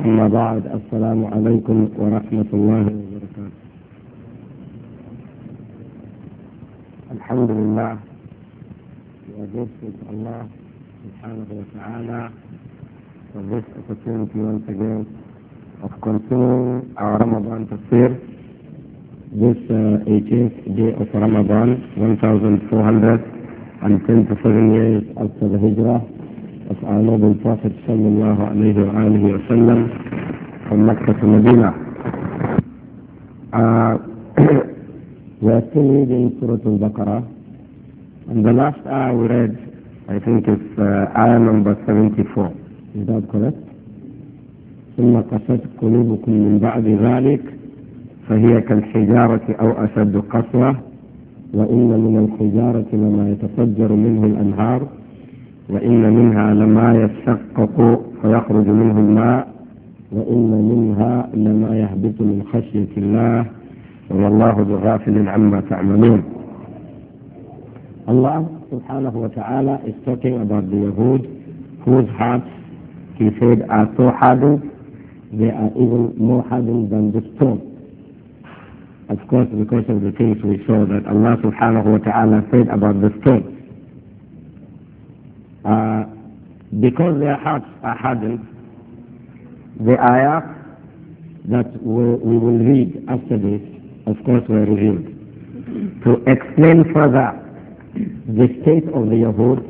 أما بعد السلام عليكم ورحمة الله وبركاته الحمد لله وبشكر الله سبحانه وتعالى for this opportunity once again of continuing our Ramadan tafsir this uh, 18th day of Ramadan 1427 years after the Hijrah أفعاله بالفاتح صلى الله عليه وآله وسلم من مكة المدينة آه، We're still reading Surah al And the last ayah we read, I think it's uh, ayah number 74. Is that correct? ثم قصت قلوبكم من بعد ذلك فهي كالحجارة أو أشد قسوة وإن من الحجارة لما يتفجر منه الأنهار وإن منها لما يشقق فيخرج منه الماء وإن منها لما يهبط من خشية الله والله بغافل عما تعملون Allah subhanahu wa ta'ala is talking about the Yahud whose hearts he said are so hardened they are even more hardened than the stone. Of course because of the things we saw that Allah subhanahu wa ta'ala said about the stone. because their hearts are hardened, the ayah that we, will read after this, of course, were revealed to explain further the state of the Yahud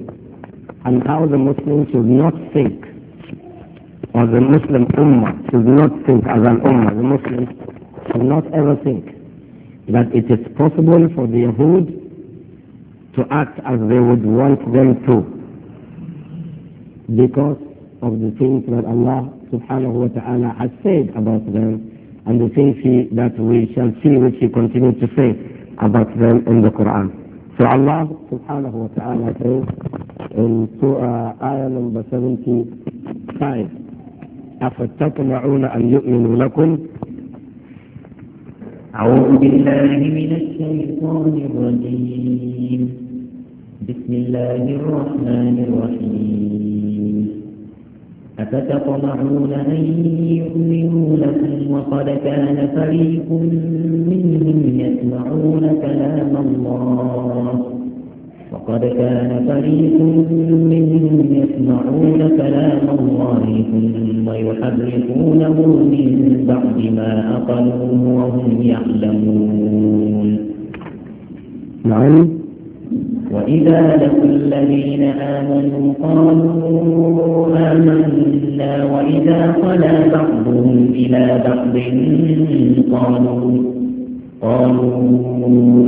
and how the Muslims should not think, or the Muslim Ummah should not think as an Ummah, the Muslims should not ever think that it is possible for the Yahud to act as they would want them to because of the things that Allah subhanahu wa ta'ala has said about them and the things he, that we shall see which he continued to say about them in the Quran. So Allah subhanahu wa ta'ala says in Surah Ayah number 75, أفتطمعون أن يؤمنوا لكم أعوذ بالله من الشيطان الرجيم بسم الله الرحمن الرحيم أفتطمعون أن يؤمنوا لكم وقد كان فريق منهم يسمعون كلام الله وقد كان فريق منهم يسمعون كلام الله ثم يحرفونه من بعد ما أقلوه وهم يعلمون نعم وإذا لقوا الذين آمنوا قالوا آمنا وإذا خلا بعضهم إلى بعض قالوا قالوا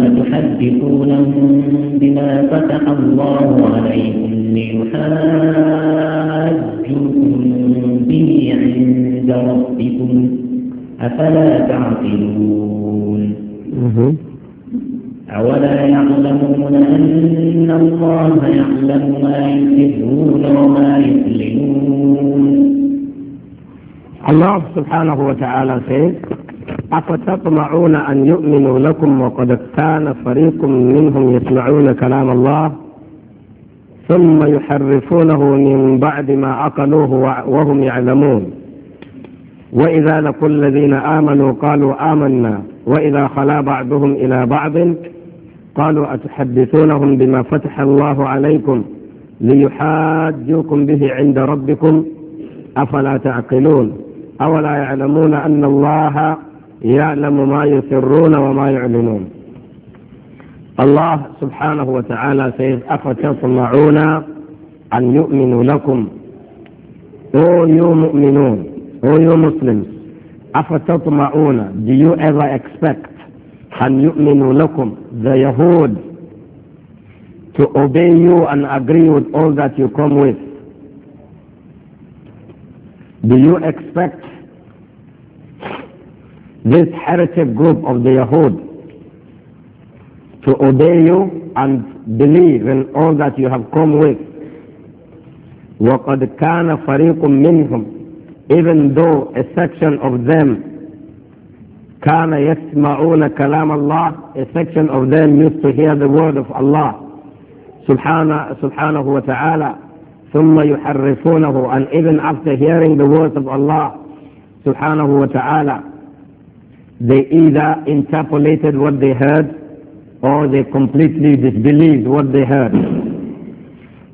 أتحدثونهم بما فتح الله عليكم ليحاجوكم به عند ربكم أفلا تعقلون أولا يعلمون أن الله يعلم ما يسرون وما يعلنون الله سبحانه وتعالى says أفتطمعون أن يؤمنوا لكم وقد كان فريق منهم يسمعون كلام الله ثم يحرفونه من بعد ما عقلوه وهم يعلمون وإذا لقوا الذين آمنوا قالوا آمنا وإذا خلا بعضهم إلى بعض قالوا أتحدثونهم بما فتح الله عليكم ليحاجوكم به عند ربكم أفلا تعقلون أولا يعلمون أن الله يعلم ما يسرون وما يعلنون الله سبحانه وتعالى سيد أفتطمعون أن يؤمنوا لكم أو يو مؤمنون أو يو مسلم أفتطمعون Do you ever expect أن يؤمنوا لكم the Yahud to obey you and agree with all that you come with do you expect this heretic group of the Yahud to obey you and believe in all that you have come with وقد كان فريق منهم even though a section of them كان يسمعون كلام الله a section of them used to hear the word of Allah سبحانه, سبحانه وتعالى ثم يحرفونه and even after hearing the words of Allah سبحانه وتعالى they either interpolated what they heard or they completely disbelieved what they heard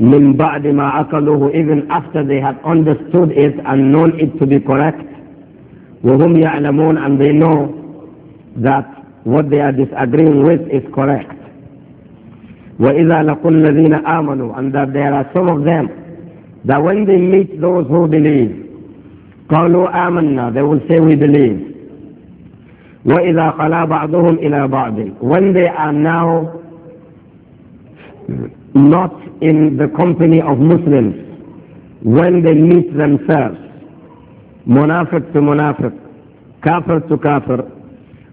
من بعد ما أكلوه even after they had understood it and known it to be correct وهم يعلمون and they know that what they are disagreeing with is correct. وَإِذَا لَقُوا الَّذِينَ آمَنُوا And that there are some of them that when they meet those who believe, قَالُوا آمَنَّا They will say we believe. وَإِذَا خَلَا بَعْضُهُمْ إِلَى بَعْضٍ When they are now not in the company of Muslims, when they meet themselves, منافق to منافق, كافر to كافر.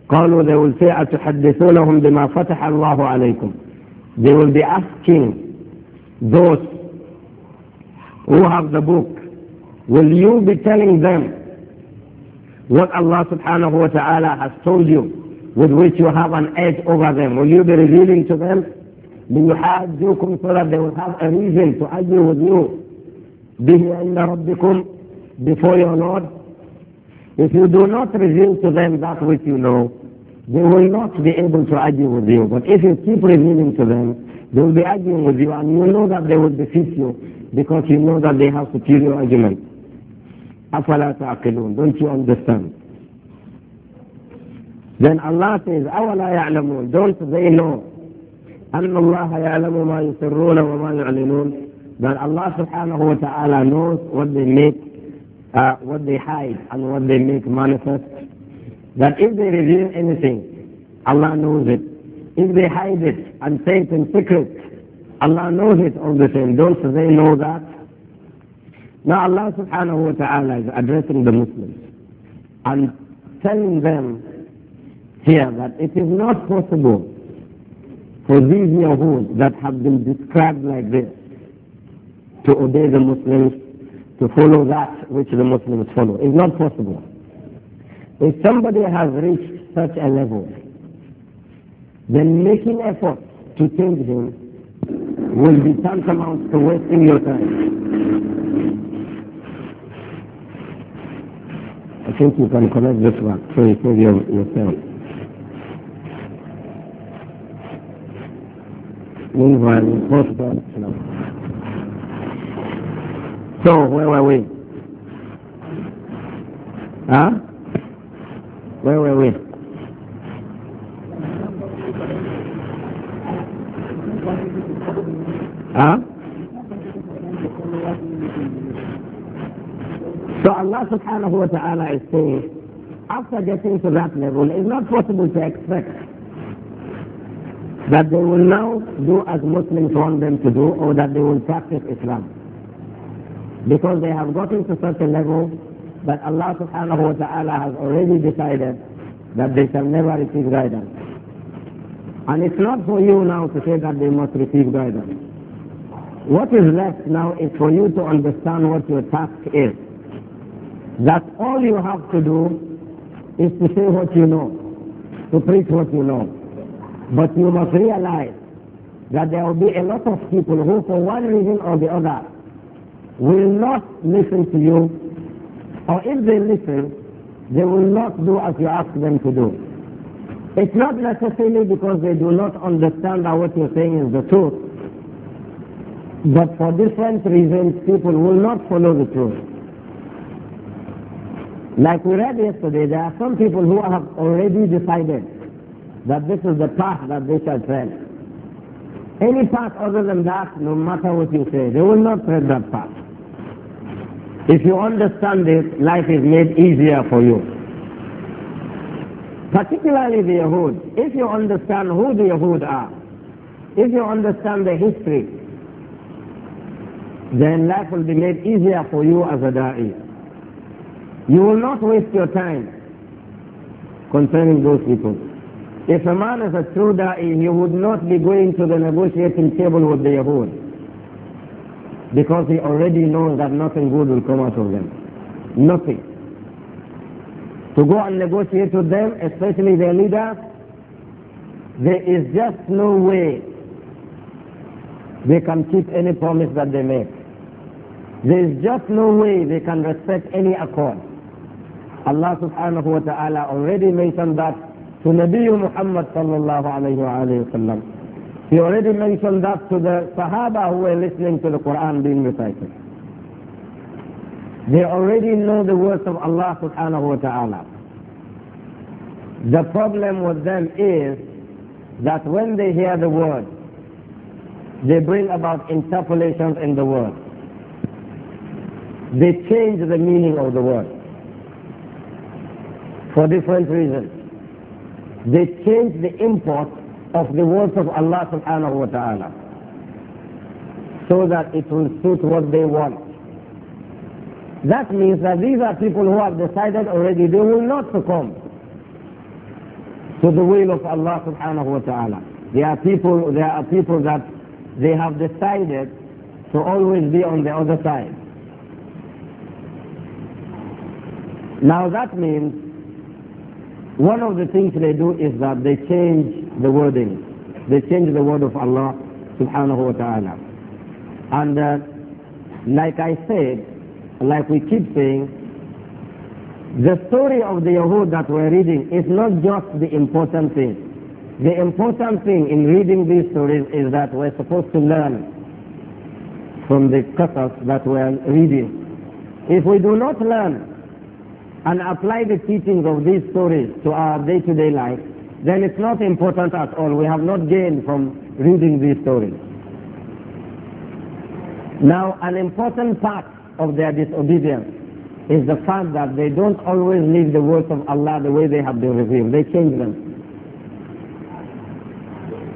قالوا they will say أتحدثونهم بما فتح الله عليكم they will be asking those who have the book will you be telling them what Allah subhanahu wa ta'ala has told you with which you have an edge over them will you be revealing to them بيحاجوكم so that they will have a reason to argue with you به عند ربكم before your Lord If you do not reveal to them that which you know, they will not be able to argue with you. But if you keep revealing to them, they will be arguing with you and you know that they will defeat you because you know that they have superior argument. أَفَلَا تَعْقِلُونَ Don't you understand? Then Allah says, أَوَلَا يَعْلَمُونَ Don't they know أَنَّ اللَّهَ يَعْلَمُ مَا يُسِرُّونَ وَمَا يُعْلِنُونَ That Allah subhanahu wa ta'ala knows what they make uh, what they hide and what they make manifest, that if they reveal anything, Allah knows it. If they hide it and say it in secret, Allah knows it all the same. Don't they know that? Now Allah subhanahu wa ta'ala is addressing the Muslims and telling them here that it is not possible for these Yahud that have been described like this to obey the Muslims to follow that which the Muslims follow. It's not possible. If somebody has reached such a level, then making effort to change him will be tantamount to wasting your time. I think you can correct this one so you save your, yourself. Meanwhile, post-God, so, where were we? Huh? Where were we? Huh? So Allah subhanahu wa ta'ala is saying, after getting to that level, it's not possible to expect that they will now do as Muslims want them to do or that they will practice Islam. Because they have gotten to such a level that Allah subhanahu wa ta'ala has already decided that they shall never receive guidance. And it's not for you now to say that they must receive guidance. What is left now is for you to understand what your task is. That all you have to do is to say what you know, to preach what you know. But you must realize that there will be a lot of people who, for one reason or the other, will not listen to you, or if they listen, they will not do as you ask them to do. It's not necessarily because they do not understand that what you're saying is the truth, but for different reasons, people will not follow the truth. Like we read yesterday, there are some people who have already decided that this is the path that they shall tread. Any path other than that, no matter what you say, they will not tread that path. If you understand this, life is made easier for you. Particularly the Yahud. If you understand who the Yahud are, if you understand the history, then life will be made easier for you as a da'i. You will not waste your time concerning those people. If a man is a true da'i, he would not be going to the negotiating table with the Yahud because he already knows that nothing good will come out of them. Nothing. To go and negotiate with them, especially their leaders, there is just no way they can keep any promise that they make. There is just no way they can respect any accord. Allah subhanahu wa ta'ala already mentioned that to Nabi Muhammad sallallahu alayhi wa sallam. He already mentioned that to the Sahaba who were listening to the Quran being recited. They already know the words of Allah subhanahu wa ta'ala. The problem with them is that when they hear the word, they bring about interpolations in the word. They change the meaning of the word for different reasons. They change the import of the words of Allah subhanahu wa ta'ala so that it will suit what they want. That means that these are people who have decided already they will not succumb to the will of Allah subhanahu wa ta'ala. There are people, there are people that they have decided to always be on the other side. Now that means one of the things they do is that they change the wording. They change the word of Allah subhanahu wa ta'ala. And uh, like I said, like we keep saying, the story of the Yahud that we're reading is not just the important thing. The important thing in reading these stories is that we're supposed to learn from the qasas that we're reading. If we do not learn and apply the teachings of these stories to our day-to-day -day life, then it's not important at all. We have not gained from reading these stories. Now, an important part of their disobedience is the fact that they don't always live the words of Allah the way they have been revealed. They change them.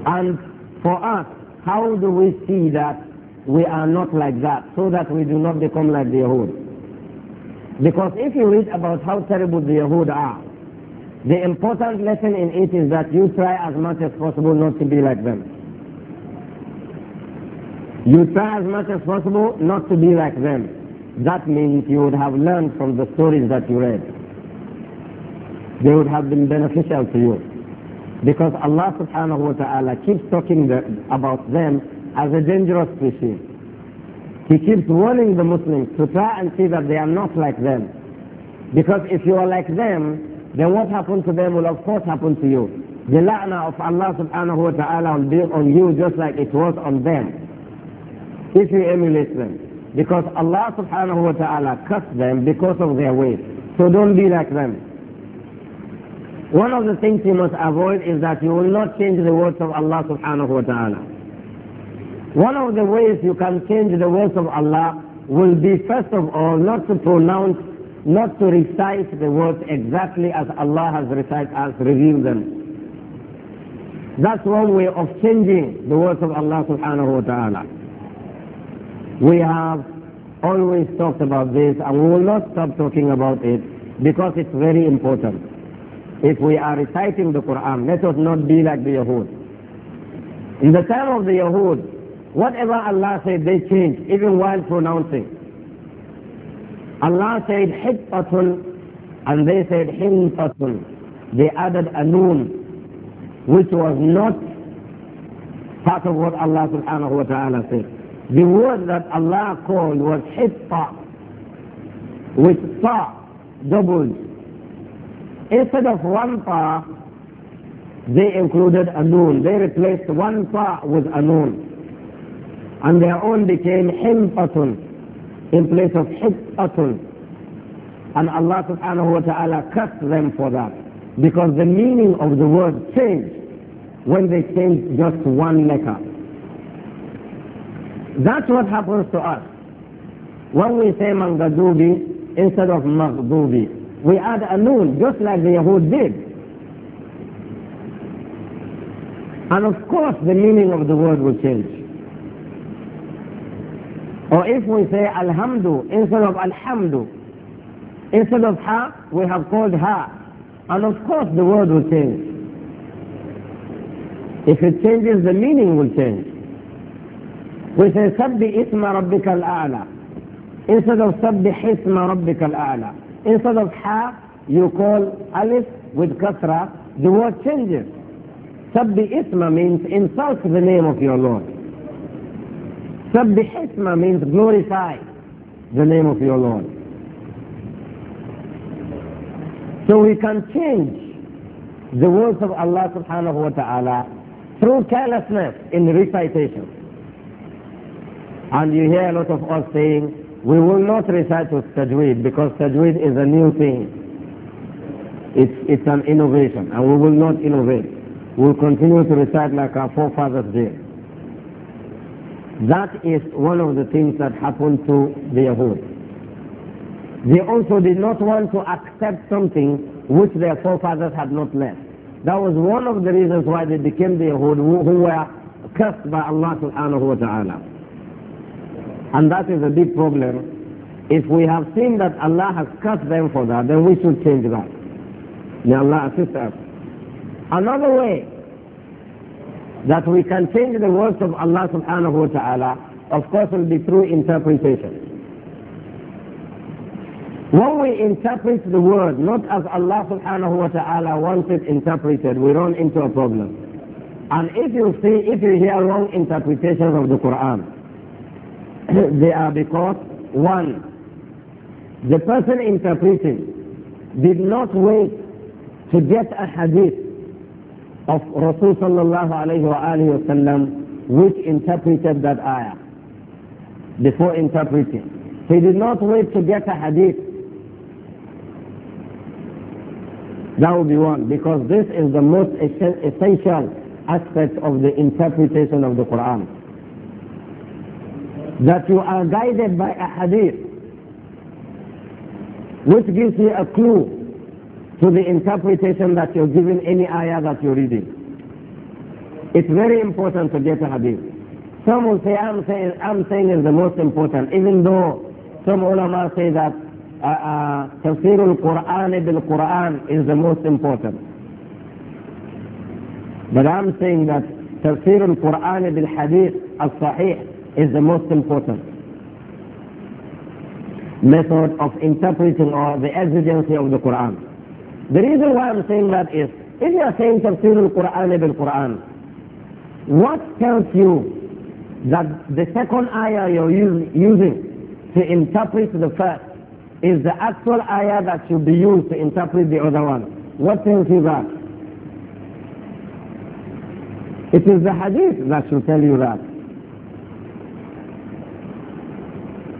And for us, how do we see that we are not like that so that we do not become like the Yahud? Because if you read about how terrible the Yahud are, the important lesson in it is that you try as much as possible not to be like them. You try as much as possible not to be like them. That means you would have learned from the stories that you read. They would have been beneficial to you. Because Allah subhanahu wa ta'ala keeps talking the, about them as a dangerous species. He keeps warning the Muslims to try and see that they are not like them. Because if you are like them, then what happened to them will of course happen to you. The la'na of Allah subhanahu wa ta'ala will be on you just like it was on them. If you emulate them. Because Allah subhanahu wa ta'ala cursed them because of their ways. So don't be like them. One of the things you must avoid is that you will not change the words of Allah subhanahu wa ta'ala. One of the ways you can change the words of Allah will be first of all not to pronounce not to recite the words exactly as Allah has recited as revealed them. That's one way of changing the words of Allah subhanahu wa ta'ala. We have always talked about this and we will not stop talking about it because it's very important. If we are reciting the Quran, let us not be like the Yahud. In the time of the Yahud, whatever Allah said, they changed, even while pronouncing. Allah said Hittatun and they said Hintatun. They added a noon which was not part of what Allah subhanahu wa ta'ala said. The word that Allah called was Hitta with Ta doubled. Instead of one Ta, they included a noon. They replaced one Ta with a noon. And their own became Himtatun in place of hub'atun. And Allah subhanahu wa ta'ala cursed them for that. Because the meaning of the word changed when they changed just one letter. That's what happens to us. When we say mangadubi instead of maghdubi, we add a noon, just like the Yahud did. And of course the meaning of the word will change. Or if we say Alhamdu instead of Alhamdu, instead of Ha, we have called Ha. And of course the word will change. If it changes, the meaning will change. We say Sabbi Isma Rabbika Al-A'la. Instead of Sabbi Isma Rabbika Al-A'la. Instead of Ha, you call Alif with Kasra, the word changes. Sabbi Isma means insult the name of your Lord. Sabbih means glorify the name of your Lord. So we can change the words of Allah subhanahu wa ta'ala through carelessness in recitation. And you hear a lot of us saying, we will not recite with tajweed because tajweed is a new thing. It's, it's an innovation and we will not innovate. We'll continue to recite like our forefathers did. That is one of the things that happened to the Yahud. They also did not want to accept something which their forefathers had not left. That was one of the reasons why they became the Yahud who, who were cursed by Allah subhanahu wa ta'ala. And that is a big problem. If we have seen that Allah has cursed them for that, then we should change that. May Allah assist us. Another way that we can change the words of Allah subhanahu wa ta'ala, of course will be through interpretation. When we interpret the word not as Allah subhanahu wa ta'ala wants it interpreted, we run into a problem. And if you see, if you hear wrong interpretations of the Quran, they are because, one, the person interpreting did not wait to get a hadith of Rasul sallallahu alayhi wa which interpreted that ayah before interpreting. He did not wait to get a hadith. That would be one, because this is the most essential aspect of the interpretation of the Quran. That you are guided by a hadith, which gives you a clue to the interpretation that you're giving any ayah that you're reading. It's very important to get a hadith. Some will say, I'm saying, I'm saying is the most important, even though some ulama say that uh, uh, tafsir al-Qur'an bil Qur'an is the most important. But I'm saying that tafsir al-Qur'an bil hadith al-sahih is the most important method of interpreting or the exigency of the Qur'an. The reason why I'm saying that is, if you are saying tafsir al-Quran ibn Quran, what tells you that the second ayah you're use, using to interpret the first is the actual ayah that should be used to interpret the other one? What tells you that? It is the hadith that should tell you that.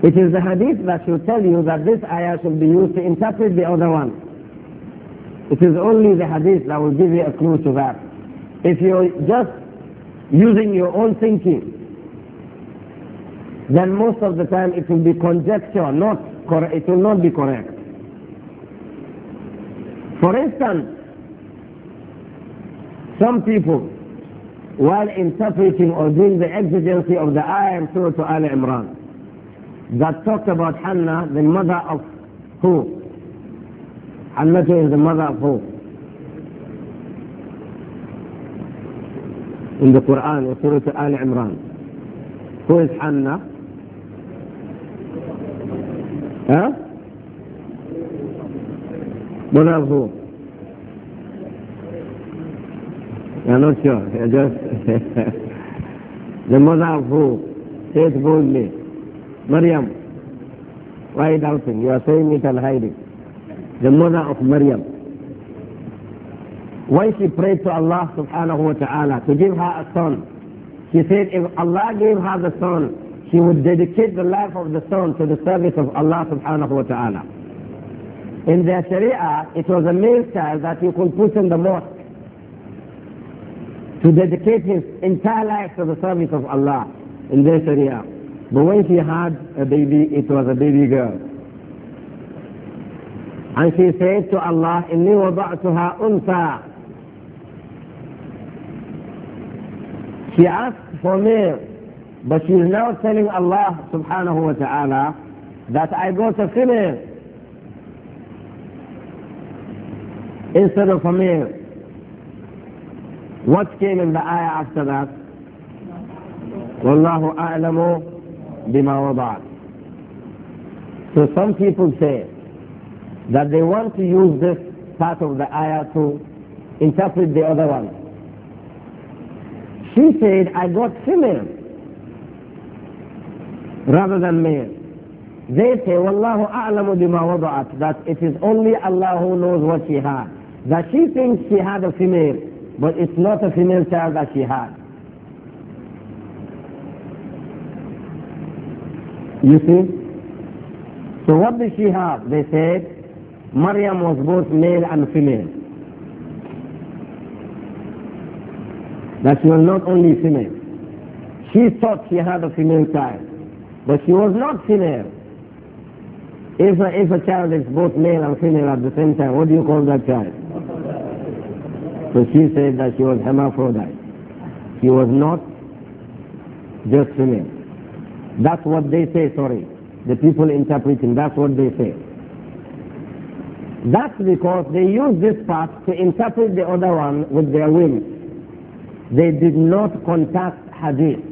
It is the hadith that should tell you that this ayah should be used to interpret the other one. It is only the hadith that will give you a clue to that. If you're just using your own thinking, then most of the time it will be conjecture, not cor- it will not be correct. For instance, some people, while interpreting or doing the exigency of the ayah through to Al Imran, that talked about Hannah, the mother of who? التي is the mother of hope. In the Quran, in Surah Al Imran. Who is Hannah? Huh? Mother of hope. I'm not sure. I just the mother of hope. Say it boldly. Maryam, why doubting? You are saying it and hiding. the mother of Maryam, when she prayed to Allah subhanahu wa ta'ala to give her a son, she said if Allah gave her the son, she would dedicate the life of the son to the service of Allah subhanahu wa ta'ala. In the sharia, it was a male child that you could put in the mosque to dedicate his entire life to the service of Allah in the sharia. But when she had a baby, it was a baby girl. And she said to Allah, إِنِّي وَضَعْتُهَا أُنْثَى She asked for me, but she is now telling Allah subhanahu wa ta'ala that I got a female instead of a male. What came in the ayah after that? وَاللَّهُ أَعْلَمُ بِمَا وَضَعَتْ So some people say, that they want to use this part of the ayah to interpret the other one. She said, I got female rather than male. They say, Wallahu a'lamu bima wada'at, that it is only Allah who knows what she had. That she thinks she had a female, but it's not a female child that she had. You see? So what did she have? They said, Maryam was both male and female. That she was not only female. She thought she had a female child, but she was not female. If a, if a child is both male and female at the same time, what do you call that child? So she said that she was hermaphrodite. She was not just female. That's what they say, sorry. The people interpreting, that's what they say. That's because they used this part to interpret the other one with their will. They did not contact hadith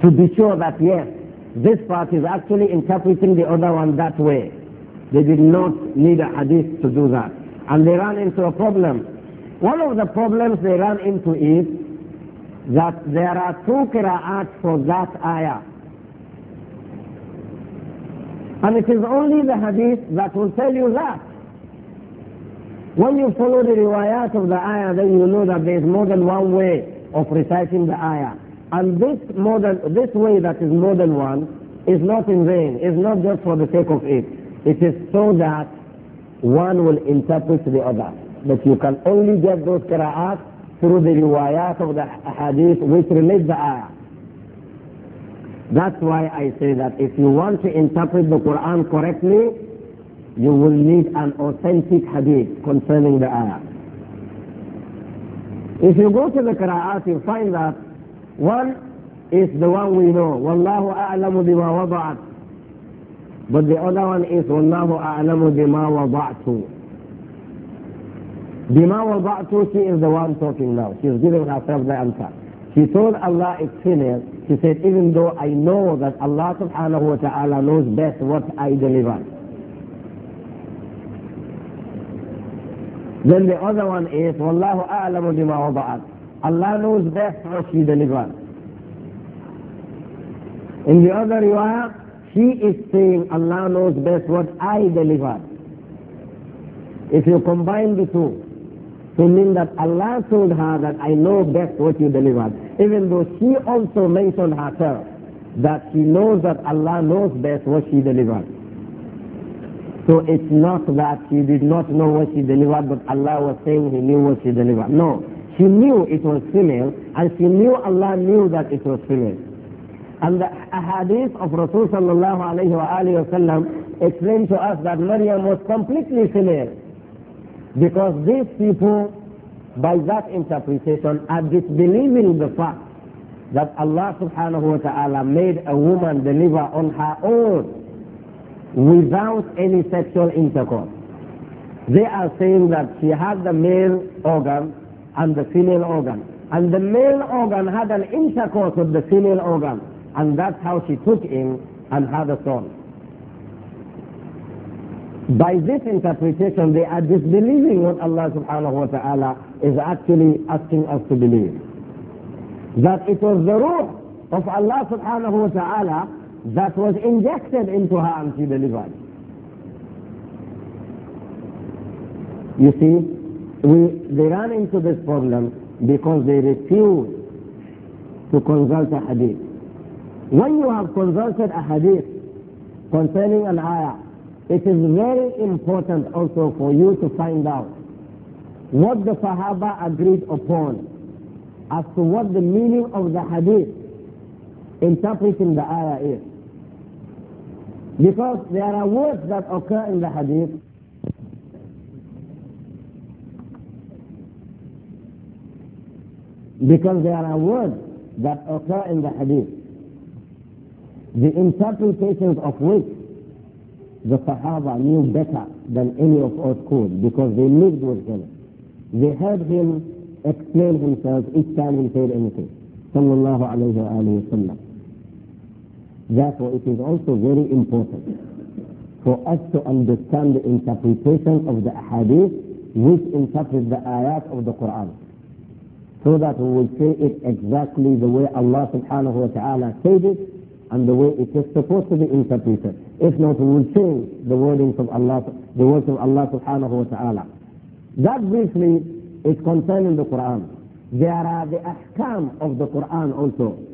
to be sure that yes, this part is actually interpreting the other one that way. They did not need a hadith to do that. And they ran into a problem. One of the problems they ran into is that there are two qira'at for that ayah. And it is only the hadith that will tell you that. When you follow the riwayat of the ayah, then you know that there is more than one way of reciting the ayah. And this, more than, this way that is more than one is not in vain, it's not just for the sake of it. It is so that one will interpret the other. But you can only get those qira'at through the riwayat of the hadith which relate the ayah. That's why I say that if you want to interpret the Quran correctly, you will need an authentic hadith concerning the ayah. If you go to the Qira'at, you find that one is the one we know, Wallahu a'lamu bima wada'at. But the other one is Wallahu a'lamu too." wada'tu. Bima wada'tu, she is the one talking now. She is giving herself the answer. She told Allah it's female. She said, even though I know that Allah subhanahu wa ta'ala knows best what I deliver. Then the other one is, Wallahu a'lamu bima wada'at. Allah knows best what she delivered. In the other riwayah, she is saying, Allah knows best what I delivered. If you combine the two, to mean that Allah told her that I know best what you delivered, even though she also mentioned herself that she knows that Allah knows best what she delivered. So it's not that she did not know what she delivered, but Allah was saying He knew what she delivered. No, she knew it was female, and she knew Allah knew that it was female. And the hadith of Rasul sallallahu alayhi wa alayhi wa sallam explained to us that Maryam was completely female. Because these people, by that interpretation, are disbelieving the fact that Allah subhanahu wa ta'ala made a woman deliver on her own without any sexual intercourse. They are saying that she had the male organ and the female organ. And the male organ had an intercourse with the female organ. And that's how she took him and had a son. By this interpretation, they are disbelieving what Allah subhanahu wa ta'ala is actually asking us to believe. That it was the ruh of Allah subhanahu wa ta'ala that was injected into her and she delivered. You see, we, they ran into this problem because they refused to consult a hadith. When you have consulted a hadith concerning an ayah, it is very important also for you to find out what the Sahaba agreed upon as to what the meaning of the hadith interpreting the ayah is. Because there are words that occur in the hadith because there are words that occur in the hadith, the interpretations of which the Sahaba knew better than any of us could because they lived with him. They heard him explain himself each time he said anything. Sallallahu alayhi sallam. Therefore, it is also very important for us to understand the interpretation of the hadith which interprets the ayat of the Quran. So that we will say it exactly the way Allah subhanahu wa ta'ala said it and the way it is supposed to be interpreted. If not, we will change the wordings of Allah, the words of Allah subhanahu wa ta'ala. That briefly is concerning the Quran. There are the ahkam of the Quran also.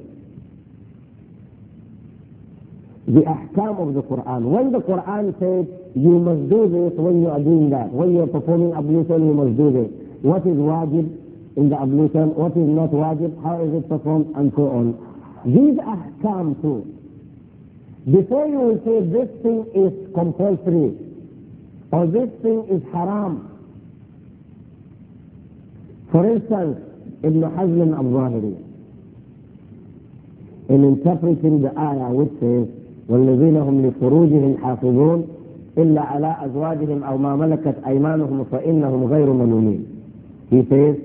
the ahkam of the Quran. When the Quran says you must do this when you are doing that, when you are performing ablution you must do this, what is wajib in the ablution, what is not wajib, how is it performed and so on. These ahkam too. Before you will say this thing is compulsory or this thing is haram. For instance, Ibn Hazm al-Zahiri in interpreting the ayah which says والذين هم لفروجهم حافظون إلا على أزواجهم أو ما ملكت أيمانهم فإنهم غير ملومين He says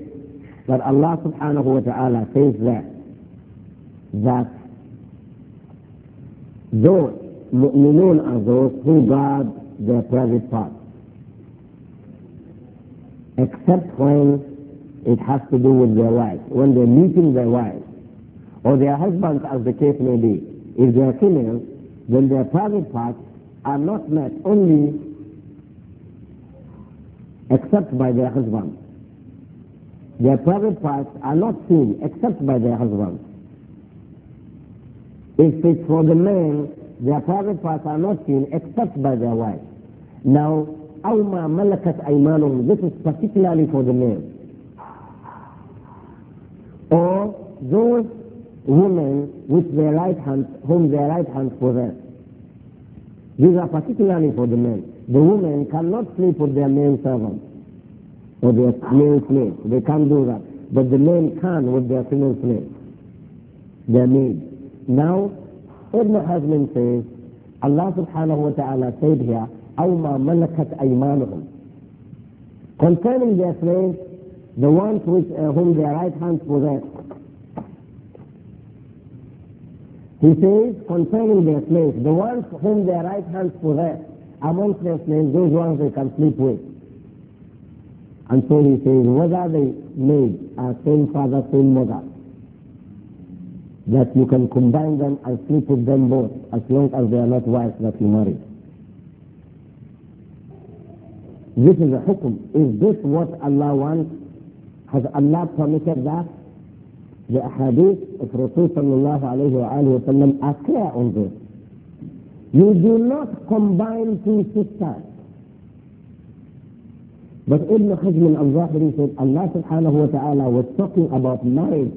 that Allah subhanahu wa ta'ala says that that those mu'minun are those who guard their private parts except when it has to do with their wives, when they're meeting their wives or their husbands as the case may be. If they are females, when their private parts are not met only except by their husband. Their private parts are not seen except by their husband. If it's for the men, their private parts are not seen except by their wife. Now, Alma Malakat Aymanum, this is particularly for the men. Or those women with their right hand, whom their right hand possess. These are particularly for the men. The women cannot sleep with their male servants or their male slaves. They can't do that. But the men can with their female slaves, their maid. Now, Ibn Hazm says, Allah subhanahu wa ta'ala said here, أو ما ملكت أيمانهم Concerning their slaves, the ones which, uh, whom their right hand possess, He says concerning their slaves, the ones whom their right hands possess amongst their slaves, those ones they can sleep with. And so he says, whether they made a same father, same mother, that you can combine them and sleep with them both as long as they are not wives that you marry. This is a hukum. Is this what Allah wants? Has Allah permitted that? The hadith of Rasul sallallahu alayhi wa, alayhi clear on this. You do not combine two sisters. But Ibn Hajm al-Zahiri said Allah subhanahu wa ta'ala was talking about marriage,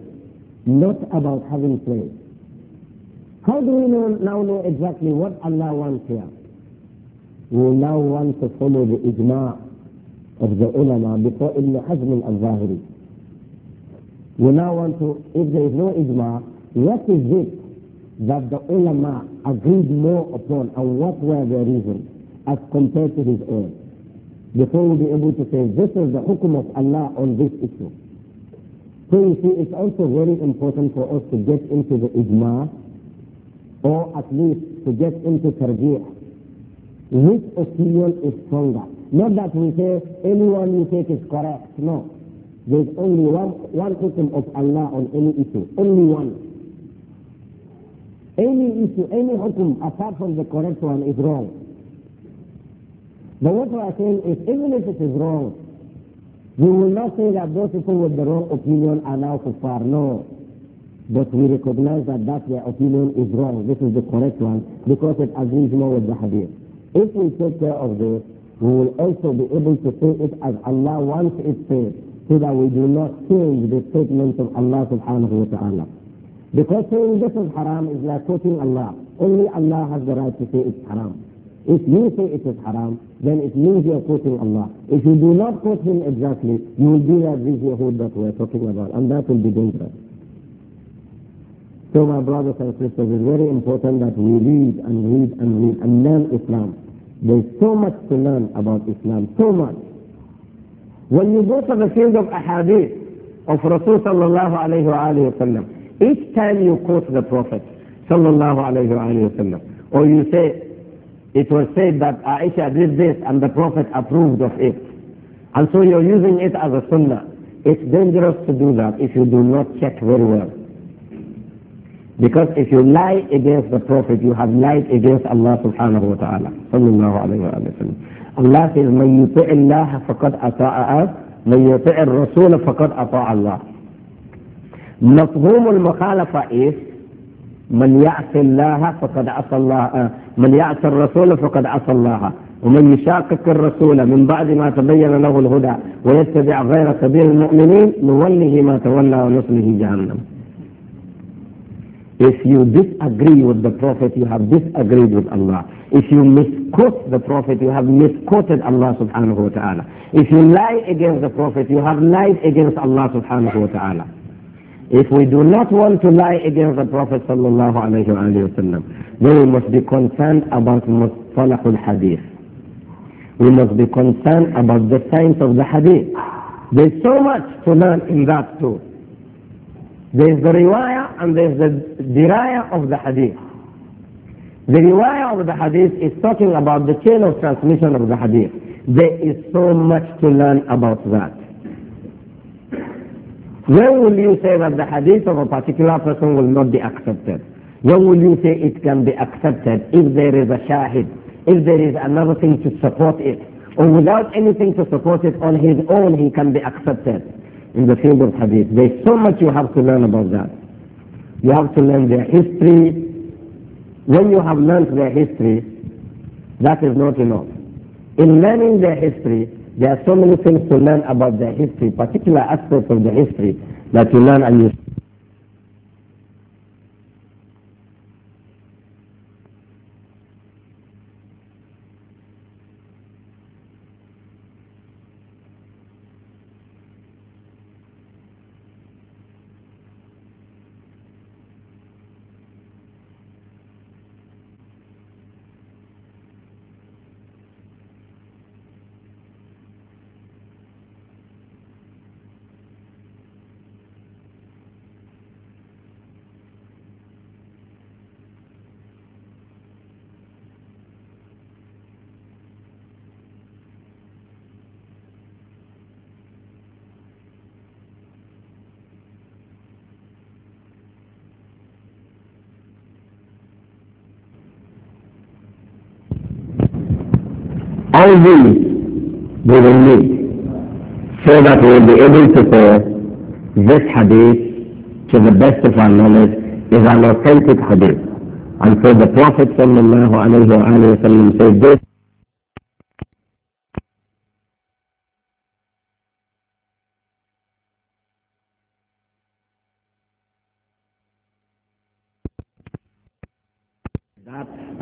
not about having slaves. How do we know, now know exactly what Allah wants here? We now want to follow the ijma' of the ulama before Ibn Hazm al-Zahiri. We now want to, if there is no ijma, what is it that the ulama agreed more upon and what were their reasons as compared to his own? Before we will be able to say, this is the hukum of Allah on this issue. So you see, it's also very important for us to get into the ijma, or at least to get into tarjih. Which opinion is stronger? Not that we say anyone you take is correct, no. There's only one, one item of Allah on any issue. Only one. Any issue, any hukum apart from the correct one is wrong. But what we are saying is even if it is wrong, we will not say that those people with the wrong opinion are now kuffar. No. But we recognize that that their opinion is wrong. This is the correct one because it agrees more with the hadith. If we take care of this, we will also be able to say it as Allah wants it said so that we do not change the statement of Allah subhanahu wa ta'ala. Because saying this is haram is like quoting Allah. Only Allah has the right to say it's haram. If you say it is haram, then it means you are quoting Allah. If you do not quote Him exactly, you will be like this Yahud that we are talking about, and that will be dangerous. So my brothers and sisters, it's very important that we read and read and read and learn Islam. There's so much to learn about Islam, so much. When you go to the field of ahadith of Rasul sallallahu alayhi wa sallam, each time you quote the Prophet sallallahu alayhi wa sallam, or you say, it was said that Aisha did this and the Prophet approved of it. And so you're using it as a sunnah. It's dangerous to do that if you do not check very well. Because if you lie against the Prophet, you have lied against Allah subhanahu wa ta'ala. Sallallahu alayhi wa sallam. الله في من يطع الله فقد أطاع من يطع الرسول فقد أطاع الله مفهوم المخالفة إيه من يعصي الله فقد عصى الله آه، من يعصي الرسول فقد عصى الله ومن يشاقق الرسول من بعد ما تبين له الهدى ويتبع غير سبيل المؤمنين نوله ما تولى ونصله جهنم If you disagree with the Prophet, you have disagreed with Allah. If you misquote the Prophet, you have misquoted Allah subhanahu wa ta'ala. If you lie against the Prophet, you have lied against Allah subhanahu wa ta'ala. If we do not want to lie against the Prophet sallallahu alayhi wa sallam, then we must be concerned about mustalah al-hadith. We must be concerned about the science of the hadith. There's so much to learn in that too. There is the riwayah and there is the diraya of the hadith. The riwayah of the hadith is talking about the chain of transmission of the hadith. There is so much to learn about that. When will you say that the hadith of a particular person will not be accepted? When will you say it can be accepted if there is a shahid, if there is another thing to support it, or without anything to support it on his own he can be accepted? in the field of hadith. There's so much you have to learn about that. You have to learn their history. When you have learned their history, that is not enough. In learning their history, there are so many things to learn about their history, particular aspects of the history that you learn and you All these they will need so that we will be able to say this hadith to the best of our knowledge is an authentic hadith. And so the Prophet sallallahu alaihi wa sallam said this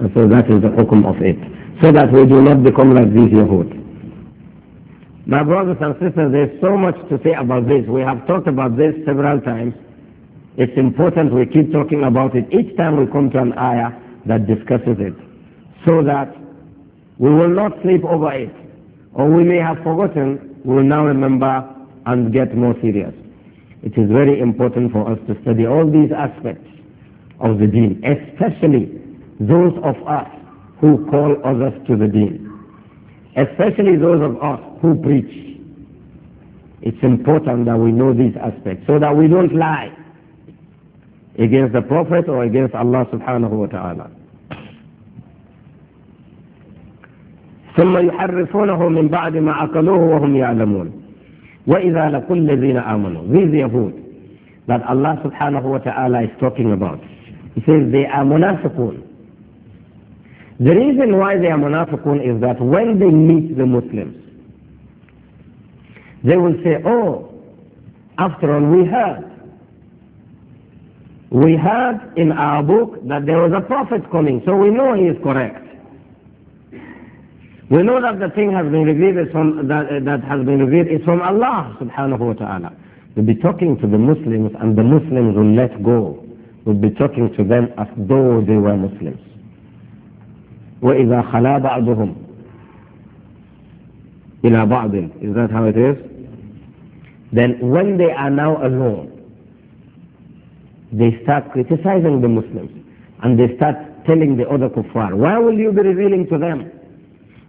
and so that is the hukum of it so that we do not become like these Yahud. My brothers and sisters, there's so much to say about this. We have talked about this several times. It's important we keep talking about it each time we come to an ayah that discusses it, so that we will not sleep over it, or we may have forgotten, we will now remember and get more serious. It is very important for us to study all these aspects of the deen, especially those of us who call others to the deen, especially those of us who preach. It's important that we know these aspects so that we don't lie against the Prophet or against Allah subhanahu wa ta'ala. ثم يحرفونه من بعد ما أكلوه وهم يعلمون وإذا لقوا الذين آمنوا these Yahud that Allah subhanahu wa ta'ala is talking about he says they are munafiqun the reason why they are munafiqun is that when they meet the Muslims, they will say, oh, after all, we heard. We heard in our book that there was a prophet coming, so we know he is correct. We know that the thing has been revealed is from, that, uh, that has been revealed is from Allah subhanahu wa ta'ala. We'll be talking to the Muslims and the Muslims will let go. We'll be talking to them as though they were Muslims. وإذا خلا بعضهم إلى بعض is that how it is then when they are now alone they start criticizing the Muslims and they start telling the other kuffar why will you be revealing to them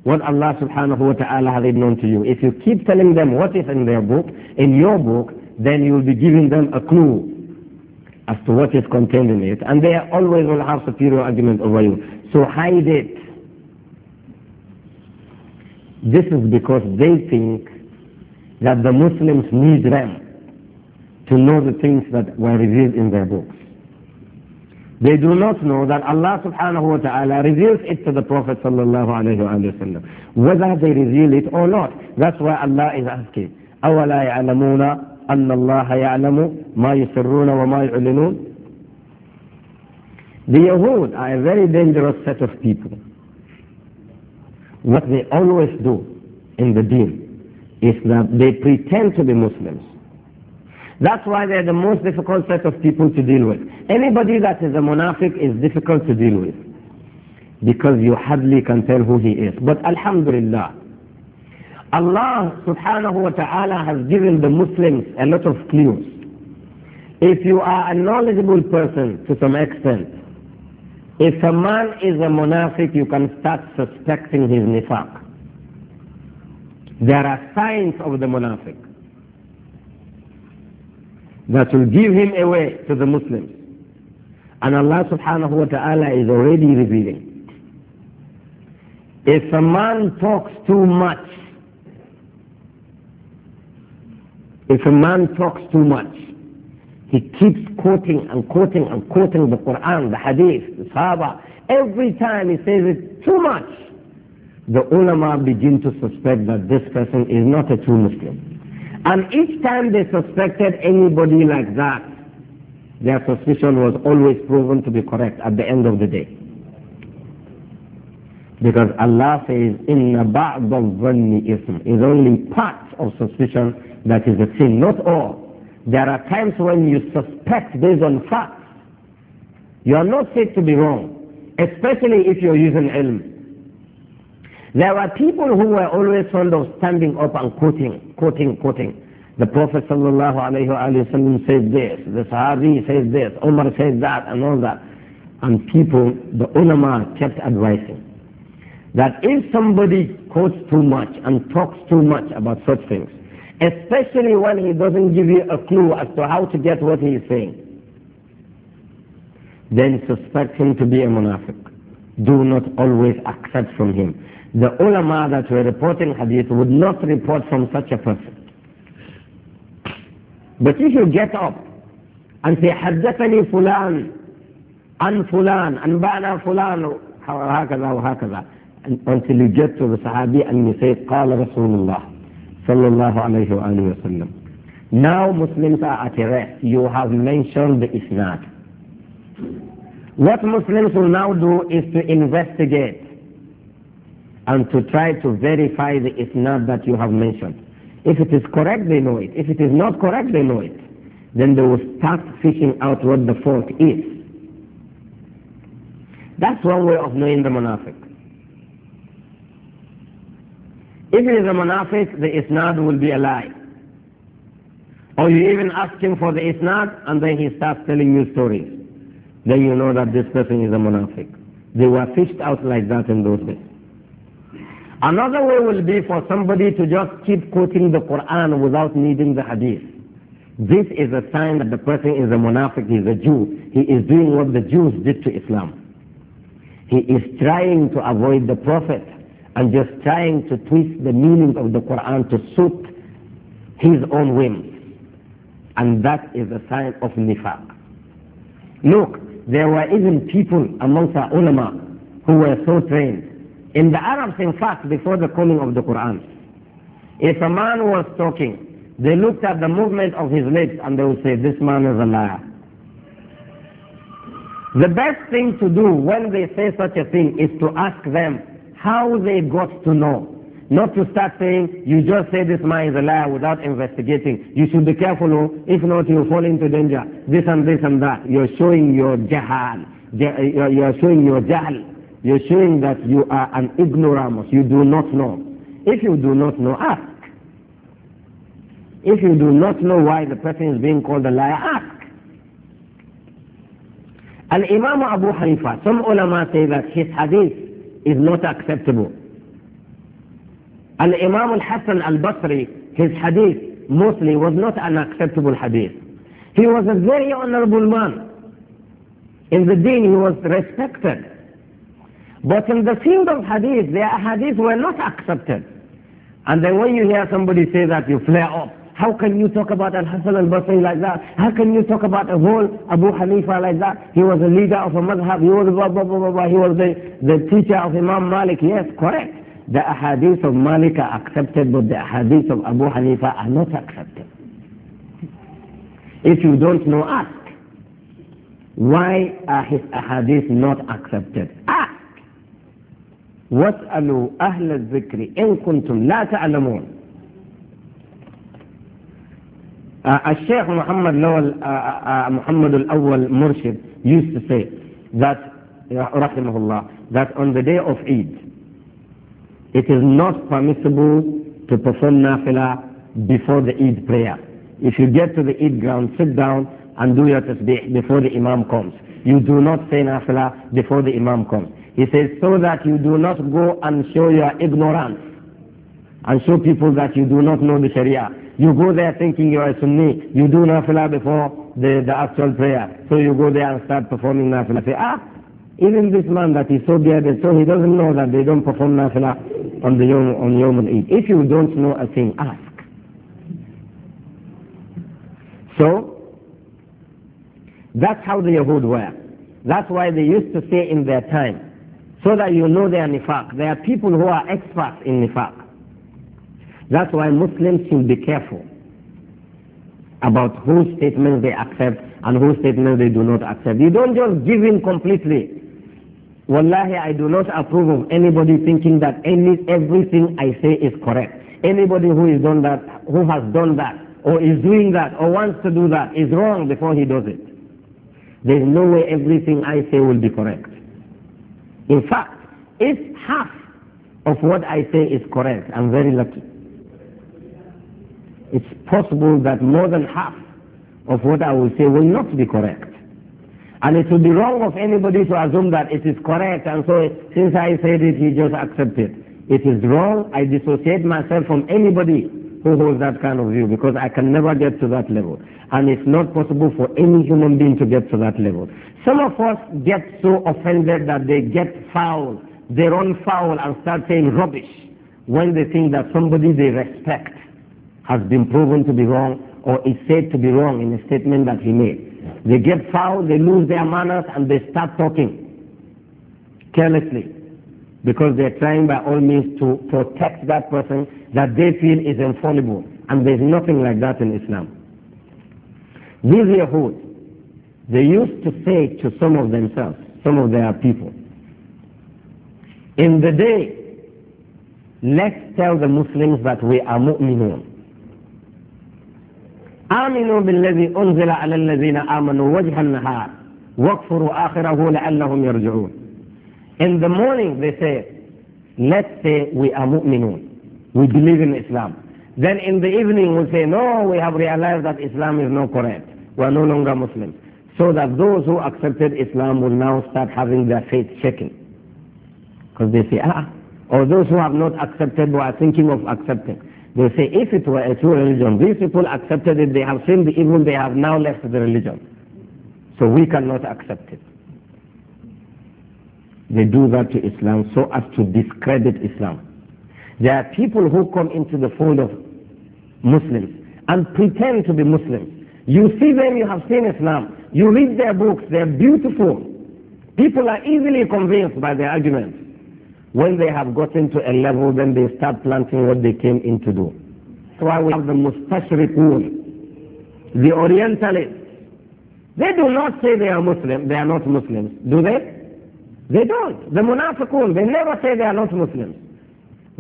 what Allah subhanahu wa ta'ala has known to you if you keep telling them what is in their book in your book then you will be giving them a clue as to what is contained in it, and they always will have superior argument over you. So hide it. This is because they think that the Muslims need them to know the things that were revealed in their books. They do not know that Allah subhanahu wa ta'ala reveals it to the Prophet sallallahu alayhi wa whether they reveal it or not. That's why Allah is asking, أَوَلَا يَعْلَمُونَ أن الله يعلم ما يسرون وما يعلنون The Yahud are a very dangerous set of people. What they always do in the deen is that they pretend to be Muslims. That's why they're the most difficult set of people to deal with. Anybody that is a munafiq is difficult to deal with because you hardly can tell who he is. But Alhamdulillah, Allah subhanahu wa ta'ala has given the Muslims a lot of clues. If you are a knowledgeable person to some extent, if a man is a monastic, you can start suspecting his nifaq. There are signs of the monastic that will give him away to the Muslims. And Allah subhanahu wa ta'ala is already revealing. If a man talks too much, If a man talks too much, he keeps quoting and quoting and quoting the Quran, the Hadith, the Sahaba. Every time he says it too much, the ulama begin to suspect that this person is not a true Muslim. And each time they suspected anybody like that, their suspicion was always proven to be correct at the end of the day. Because Allah says, Inna ba'd al-dhanni ism is only part of suspicion that is a sin, not all. There are times when you suspect based on facts. You are not said to be wrong, especially if you're using ilm. There are people who were always fond of standing up and quoting, quoting, quoting. The Prophet sallallahu said this, the Sahabi says this, Umar says that, and all that. And people, the ulama kept advising that if somebody quotes too much and talks too much about such things, especially when he doesn't give you a clue as to how to get what he is saying, then suspect him to be a munafiq. Do not always accept from him. The ulama that were reporting hadith would not report from such a person. But if you get up and say, حدثني فلان عن فلان أنبأنا فلان هكذا وهكذا until you get to the Sahabi and you say, قال رسول الله sallallahu alayhi wa sallam. Now Muslims are at a rest. You have mentioned the Isnad. What Muslims will now do is to investigate and to try to verify the Isnad that you have mentioned. If it is correct, they know it. If it is not correct, they know it. Then they will start fishing out what the fault is. That's one way of knowing the Munafiq. If he is a munafiq, the isnad will be a lie. Or you even ask him for the isnad and then he starts telling you stories. Then you know that this person is a munafiq. They were fished out like that in those days. Another way will be for somebody to just keep quoting the Quran without needing the hadith. This is a sign that the person is a munafiq, he is a Jew. He is doing what the Jews did to Islam. He is trying to avoid the Prophet and just trying to twist the meaning of the Quran to suit his own whims. And that is a sign of nifaq. Look, there were even people amongst our ulama who were so trained. In the Arabs, in fact, before the coming of the Quran, if a man was talking, they looked at the movement of his lips and they would say, this man is a liar. The best thing to do when they say such a thing is to ask them, how they got to know. Not to start saying, you just say this man is a liar without investigating. You should be careful, oh, if not you fall into danger. This and this and that. You're showing your jahal. You're showing your jahl. You're showing that you are an ignoramus. You do not know. If you do not know, ask. If you do not know why the person is being called a liar, ask. Al-Imam Abu Hanifa, some ulama say that his hadith is not acceptable. Al-Imam al-Hassan al-Basri, his hadith mostly was not an acceptable hadith. He was a very honorable man. In the deen he was respected. But in the field of hadith, their hadith were not accepted. And then when you hear somebody say that, you flare up. How can you talk about al Hassan al-Basri like that? How can you talk about a whole Abu Hanifa like that? He was a leader of a madhab, he was blah, blah, blah, blah, blah. he was the, the teacher of Imam Malik. Yes, correct. The ahadith of Malik are accepted, but the ahadith of Abu Hanifa are not accepted. If you don't know, ask. Why are his ahadith not accepted? Ask! واسألوا أهل الذكر إن كنتم لا تعلمون الشيخ uh, Muhammad Nawal, uh, uh, Muhammad al-Awwal Murshid used to say that, rahimahullah, that on the day of Eid, it is not permissible to perform nafila before the Eid prayer. If you get to the Eid ground, sit down and do your tasbih before the Imam comes. You do not say nafila before the Imam comes. He says, so that you do not go and show your ignorance and show people that you do not know the Sharia you go there thinking you are a Sunni. You do nafilah before the, the actual prayer. So you go there and start performing nafilah. Say, ah, even this man that is so bearded, so he doesn't know that they don't perform nafilah on the Yom, on Yom al-Eid. If you don't know a thing, ask. So, that's how the Yahud were. That's why they used to say in their time, so that you know their nifaq. There are people who are experts in nifaq. That's why Muslims should be careful about whose statements they accept and whose statements they do not accept. You don't just give in completely. Wallahi, I do not approve of anybody thinking that any everything I say is correct. Anybody who is done that, who has done that, or is doing that, or wants to do that, is wrong before he does it. There is no way everything I say will be correct. In fact, if half of what I say is correct, I'm very lucky it's possible that more than half of what I will say will not be correct. And it would be wrong of anybody to assume that it is correct, and so since I said it, he just accept it. It is wrong. I dissociate myself from anybody who holds that kind of view because I can never get to that level. And it's not possible for any human being to get to that level. Some of us get so offended that they get foul, they run foul and start saying rubbish when they think that somebody they respect has been proven to be wrong or is said to be wrong in a statement that he made. They get foul, they lose their manners, and they start talking carelessly because they're trying by all means to protect that person that they feel is infallible. And there's nothing like that in Islam. These Yahud, they used to say to some of themselves, some of their people, in the day, let's tell the Muslims that we are mu'minun. آمنوا بالذي أنزل على الذين آمنوا وجه النهار واكفروا آخره لعلهم يرجعون In the morning they say, let's say we are mu'minun. We believe in Islam. Then in the evening we say, no, we have realized that Islam is not correct. We are no longer Muslims. So that those who accepted Islam will now start having their faith shaken. Because they say, ah, ah, or those who have not accepted who are thinking of accepting. They say if it were a true religion, these people accepted it, they have seen the evil. they have now left the religion. So we cannot accept it. They do that to Islam so as to discredit Islam. There are people who come into the fold of Muslims and pretend to be Muslims. You see them, you have seen Islam. You read their books, they're beautiful. People are easily convinced by their arguments. When they have gotten to a level, then they start planting what they came in to do. That's why we have the Mustashriqun, the Orientalists. They do not say they are Muslim, they are not Muslims, do they? They don't. The Munafiqun, they never say they are not Muslims.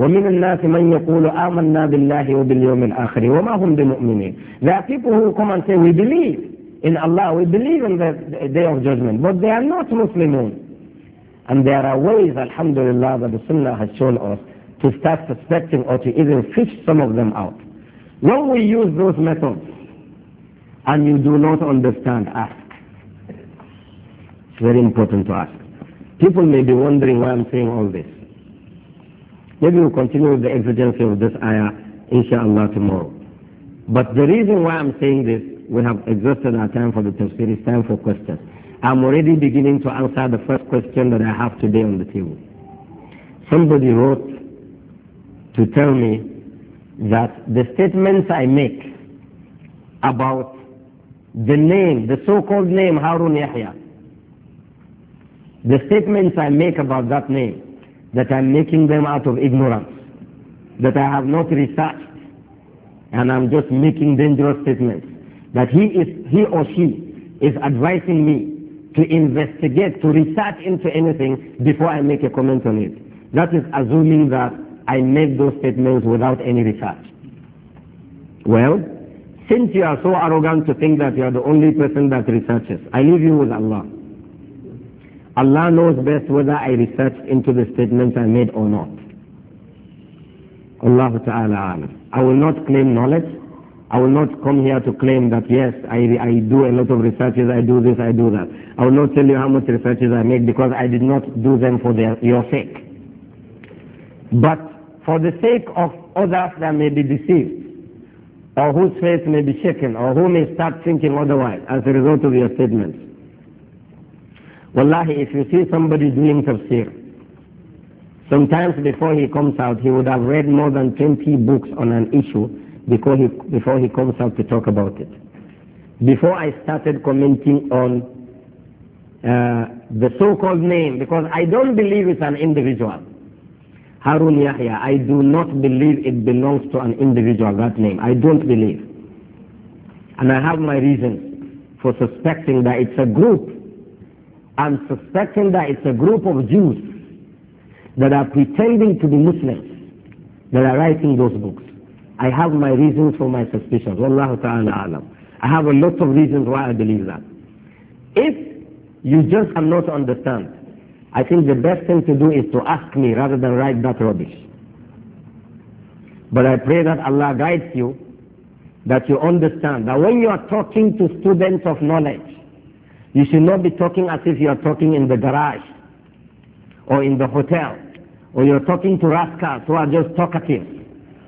ومن الناس من يقول آمنا بالله وباليوم الآخر وما هم بمؤمنين There are people who come and say we believe in Allah, we believe in the day of judgment, but they are not Muslims. And there are ways, alhamdulillah, that the Sunnah has shown us to start suspecting or to even fish some of them out. When we use those methods and you do not understand, ask. It's very important to ask. People may be wondering why I'm saying all this. Maybe we'll continue with the exigency of this ayah, inshallah, tomorrow. But the reason why I'm saying this, we have exhausted our time for the tafsir, it's time for questions. I'm already beginning to answer the first question that I have today on the table. Somebody wrote to tell me that the statements I make about the name, the so-called name Harun Yahya, the statements I make about that name, that I'm making them out of ignorance, that I have not researched, and I'm just making dangerous statements, that he is, he or she is advising me to investigate, to research into anything before I make a comment on it. That is assuming that I make those statements without any research. Well, since you are so arrogant to think that you are the only person that researches, I leave you with Allah. Allah knows best whether I researched into the statements I made or not. Allah Ta'ala I will not claim knowledge. I will not come here to claim that, yes, I, I do a lot of researches, I do this, I do that. I will not tell you how much researches I make because I did not do them for their, your sake. But for the sake of others that may be deceived, or whose faith may be shaken, or who may start thinking otherwise as a result of your statements. Wallahi, if you see somebody doing tafsir, sometimes before he comes out, he would have read more than 20 books on an issue before he, before he comes out to talk about it. Before I started commenting on uh, the so-called name, because I don't believe it's an individual. Harun Yahya, I do not believe it belongs to an individual, that name. I don't believe. And I have my reasons for suspecting that it's a group. I'm suspecting that it's a group of Jews that are pretending to be Muslims that are writing those books. I have my reasons for my suspicions. Wallahu ta'ala alam. I have a lot of reasons why I believe that. If you just cannot understand, I think the best thing to do is to ask me rather than write that rubbish. But I pray that Allah guides you, that you understand that when you are talking to students of knowledge, you should not be talking as if you are talking in the garage or in the hotel or you're talking to rascals who are just talkative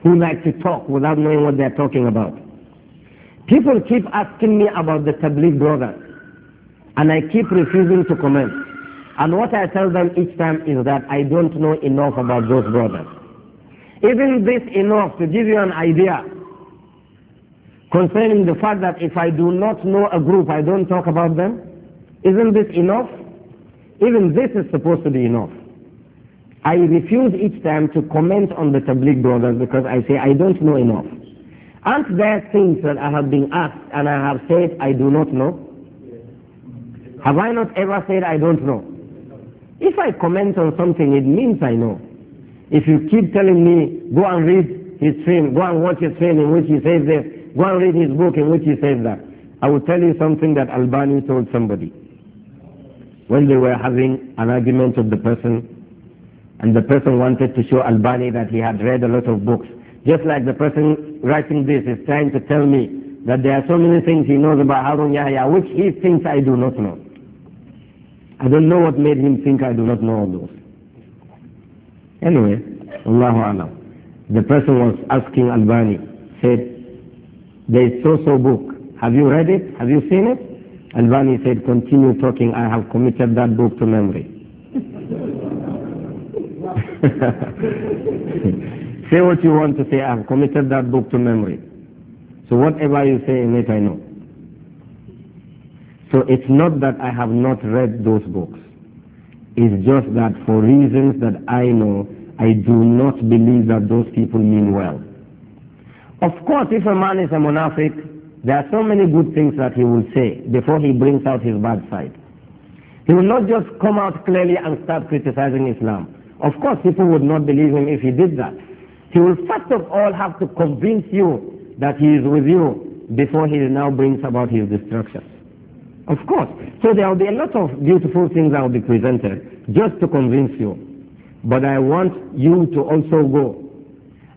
who like to talk without knowing what they're talking about. People keep asking me about the Tabligh brothers, and I keep refusing to comment. And what I tell them each time is that I don't know enough about those brothers. Even this enough to give you an idea concerning the fact that if I do not know a group, I don't talk about them. Isn't this enough? Even this is supposed to be enough. I refuse each time to comment on the Tabligh brothers because I say I don't know enough. Aren't there things that I have been asked and I have said I do not know? Have I not ever said I don't know? If I comment on something, it means I know. If you keep telling me, go and read his film, go and watch his film in which he says this, go and read his book in which he says that, I will tell you something that Albani told somebody when they were having an argument with the person and the person wanted to show Albani that he had read a lot of books. Just like the person writing this is trying to tell me that there are so many things he knows about Harun Yahya which he thinks I do not know. I don't know what made him think I do not know all those. Anyway, Allahu Alam. The person was asking Albani, said, there is so-so book. Have you read it? Have you seen it? Albani said, continue talking. I have committed that book to memory. say what you want to say, I have committed that book to memory. So whatever you say in it, I know. So it's not that I have not read those books. It's just that for reasons that I know, I do not believe that those people mean well. Of course, if a man is a monarchic, there are so many good things that he will say before he brings out his bad side. He will not just come out clearly and start criticizing Islam. Of course, people would not believe him if he did that. He will first of all have to convince you that he is with you before he now brings about his destruction. Of course. So there will be a lot of beautiful things that will be presented just to convince you. But I want you to also go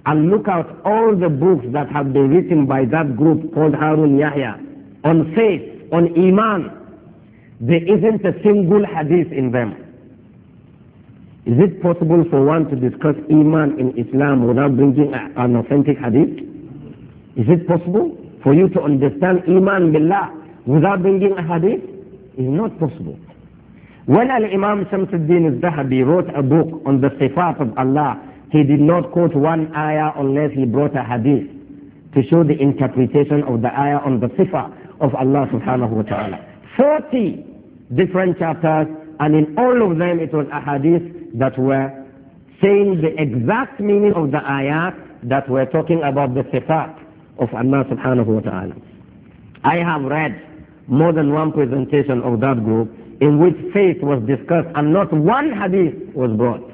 and look out all the books that have been written by that group called Harun Yahya on faith, on Iman. There isn't a single hadith in them. Is it possible for one to discuss Iman in Islam without bringing an authentic hadith? Is it possible for you to understand Iman Billah without bringing a hadith? It's not possible. When Al-Imam Shamsuddin zahabi wrote a book on the sifat of Allah, he did not quote one ayah unless he brought a hadith to show the interpretation of the ayah on the sifat of Allah subhanahu wa ta'ala. 40 different chapters and in all of them it was a hadith that were saying the exact meaning of the ayat that were talking about the sifat of Allah subhanahu wa ta'ala. I have read more than one presentation of that group in which faith was discussed and not one hadith was brought.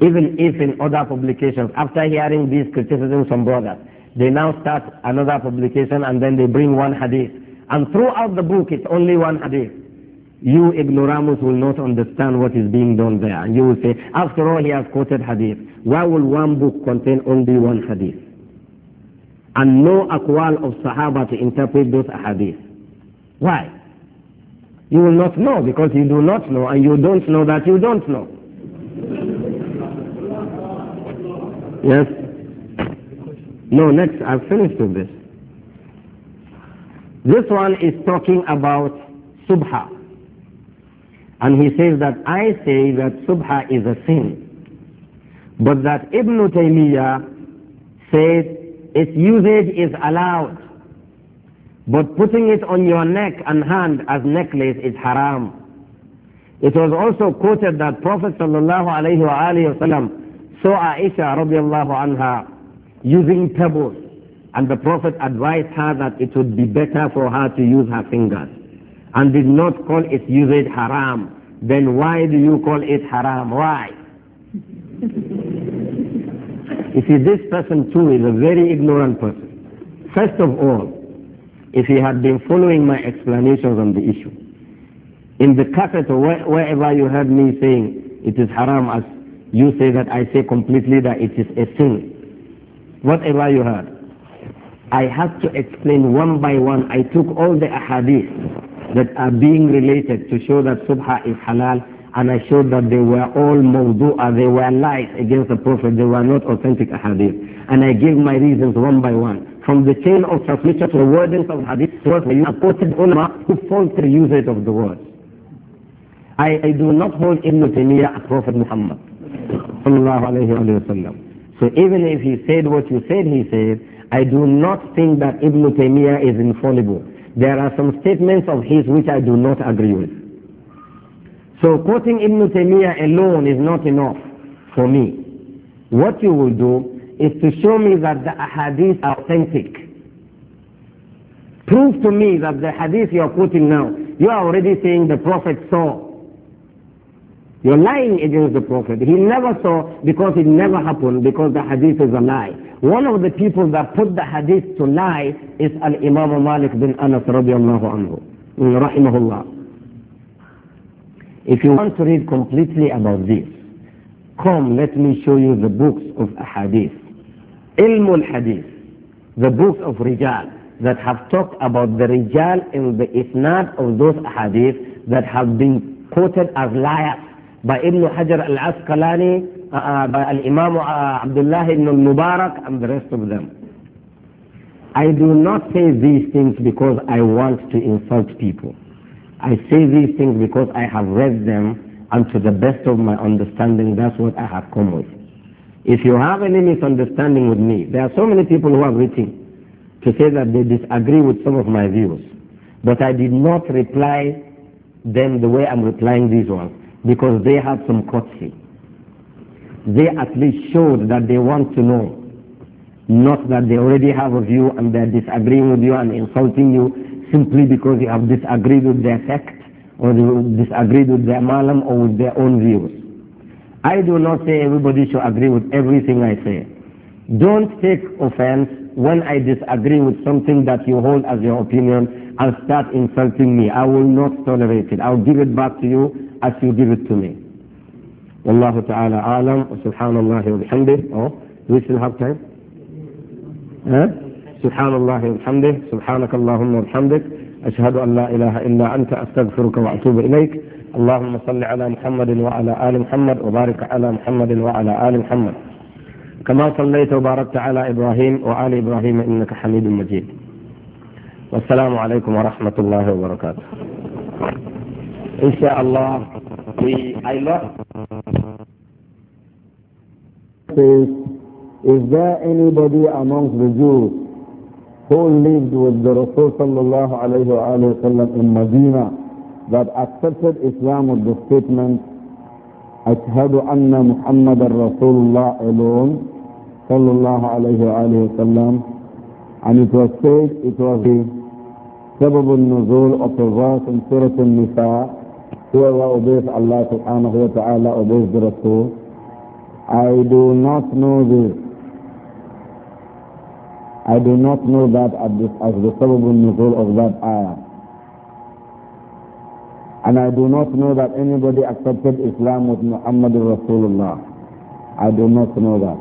Even if in other publications, after hearing these criticisms from brothers, they now start another publication and then they bring one hadith. And throughout the book, it's only one hadith you ignoramus will not understand what is being done there. And you will say, after all, he has quoted hadith. Why will one book contain only one hadith? And no akhwal of Sahaba to interpret those hadith. Why? You will not know because you do not know and you don't know that you don't know. yes? No, next, I've finished with this. This one is talking about subha. And he says that I say that subha is a sin. But that Ibn Taymiyyah says its usage is allowed. But putting it on your neck and hand as necklace is haram. It was also quoted that Prophet sallallahu alayhi wa saw Aisha radiallahu anha using pebbles and the Prophet advised her that it would be better for her to use her fingers and did not call its usage haram, then why do you call it haram? Why? you see, this person too is a very ignorant person. First of all, if he had been following my explanations on the issue, in the cassette or wherever you heard me saying it is haram, as you say that I say completely that it is a sin, whatever you heard, I have to explain one by one. I took all the ahadith that are being related to show that subha is halal and I showed that they were all mawdu'a, they were lies against the Prophet, they were not authentic hadith. And I gave my reasons one by one. From the chain of transmission to the wordings of hadith, What the quoted ulama who use usage of the words. I, I do not hold Ibn Taymiyyah a Prophet Muhammad. so even if he said what you said he said, I do not think that Ibn Taymiyyah is infallible. There are some statements of his which I do not agree with. So quoting Ibn Taymiyyah alone is not enough for me. What you will do is to show me that the ahadith are authentic. Prove to me that the hadith you are quoting now, you are already saying the Prophet saw. You're lying against the Prophet. He never saw because it never happened because the hadith is a lie. One of the people that put the hadith to lie is Al-Imam Malik bin Anas radiallahu anhu, mm, rahimahullah. If you want to read completely about this, come, let me show you the books of hadith. Ilmul hadith, the books of Rijal that have talked about the Rijal and the Isnad of those hadith that have been quoted as liars by Ibn Hajar al-Asqalani uh, by uh, Imam uh, Abdullah ibn Mubarak and the rest of them. I do not say these things because I want to insult people. I say these things because I have read them and to the best of my understanding that's what I have come with. If you have any misunderstanding with me, there are so many people who have written to say that they disagree with some of my views. But I did not reply them the way I'm replying these ones because they had some courtesy they at least showed that they want to know. Not that they already have a view and they're disagreeing with you and insulting you simply because you have disagreed with their sect or disagreed with their malam or with their own views. I do not say everybody should agree with everything I say. Don't take offense when I disagree with something that you hold as your opinion and start insulting me. I will not tolerate it. I'll give it back to you as you give it to me. والله تعالى أعلم وسبحان الله وبحمده أو ويش الهاب تايم ها سبحان الله وبحمده سبحانك اللهم وبحمدك أشهد أن لا إله إلا أنت أستغفرك وأتوب إليك اللهم صل على محمد وعلى آل محمد وبارك على محمد وعلى آل محمد كما صليت وباركت على إبراهيم وآل إبراهيم إنك حميد مجيد والسلام عليكم ورحمة الله وبركاته إن شاء الله the I lost. is there anybody amongst the Jews who lived with the Rasul sallallahu alayhi wa sallam in Medina that accepted Islam with the statement, أشهد أن محمد رسول الله alone صلى الله عليه وآله وسلم and it was said it was the سبب النزول of the verse in Surah An-Nisa whoever obeys Allah subhanahu wa ta'ala obeys the Rasul. I do not know this. I do not know that at this, as the sababul nuzul of that ayah. And I do not know that anybody accepted Islam with Muhammad Rasulullah. I do not know that.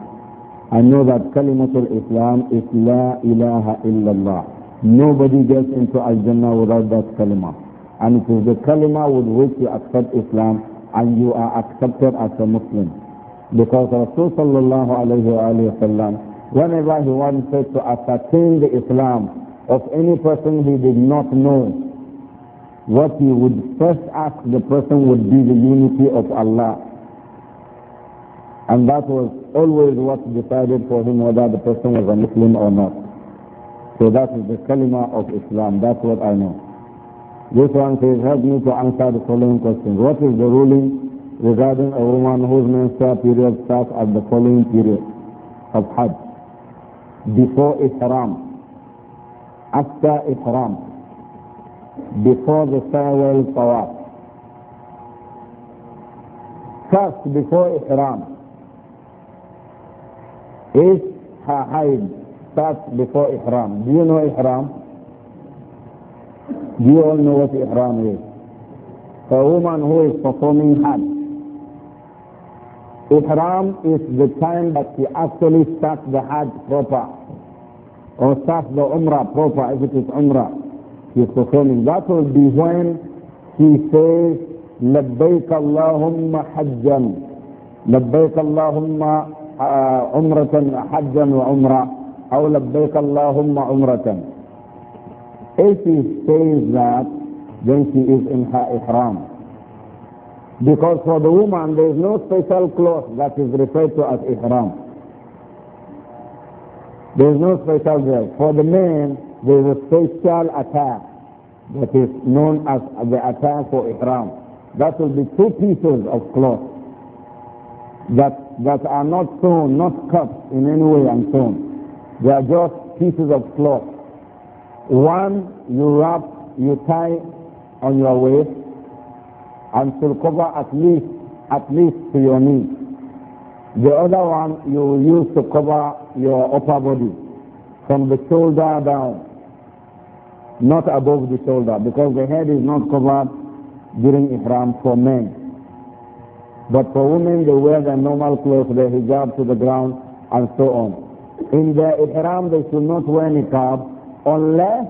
I know that Kalimatul Islam is La ilaha illallah. Nobody gets into Al-Jannah without that kalimah. And it is the kalima with which you accept Islam and you are accepted as a Muslim. Because Rasul sallallahu alayhi wa sallam, whenever he wanted to ascertain the Islam of any person he did not know, what he would first ask the person would be the unity of Allah. And that was always what decided for him whether the person was a Muslim or not. So that is the kalima of Islam. That's what I know. This one says, help me to answer the following question. What is the ruling regarding a woman whose menstrual period starts at the following period of Hajj? Before Ihram. After Ihram. Before the farewell tawaf. First, before Ihram. If her Hajj starts before Ihram, do you know Ihram? Do you all know what ihram is? A woman who is performing Hajj. Ihram is the time that she actually starts the Hajj proper or starts the Umrah proper if it is Umrah she is performing. That will be when she says, لبيك اللهم حجا لبيك اللهم عمرة حجا وعمرة أو لبيك اللهم عمرة If says that, then she is in her ihram. Because for the woman, there is no special cloth that is referred to as ihram. There is no special dress. For the man, there is a special attire that is known as the attire for ihram. That will be two pieces of cloth that, that are not sewn, not cut in any way and sewn. They are just pieces of cloth one, you wrap, you tie on your waist and should cover at least, at least to your knee. The other one you use to cover your upper body from the shoulder down, not above the shoulder because the head is not covered during Ihram for men. But for women, they wear their normal clothes, their hijab to the ground, and so on. In their Ihram, they should not wear niqab unless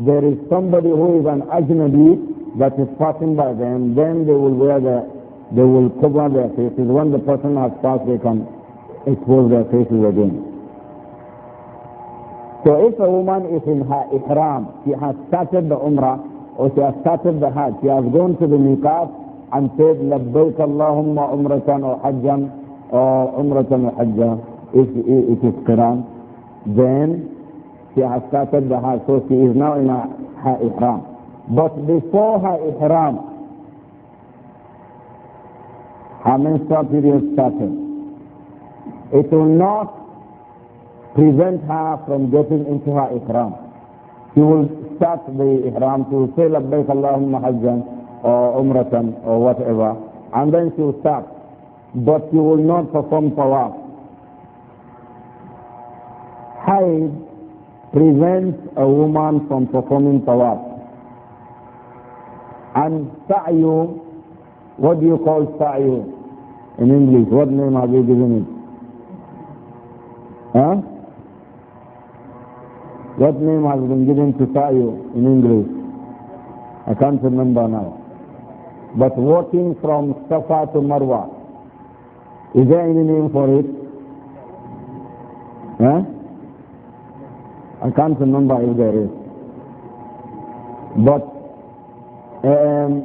there is somebody who is an ajnabi that is passing by them, then they will wear the, they will cover their faces. When the person has passed, they can expose their faces again. So if a woman is in her ihram, she has started the umrah, or she has started the hajj, she has gone to the miqat and said, لبيك اللهم عمرة أو or عمرة أو if it is Quran, then she has started the Hajj, so she is now in her, her Ihram. But before her Ihram, her menstrual period started. It will not prevent her from getting into her Ihram. She will start the Ihram to say Labbaik Allahumma Hajjan or Umratan or whatever, and then she will start. But she will not perform Tawaf. Haid prevents a woman from performing tawaf. And sa'yu, what do you call sa'yu in English? What name have you given it? Huh? What name has been given to sa'yu in English? I can't remember now. But walking from Safa to Marwa, is there any name for it? Huh? I can't remember if there is. But um,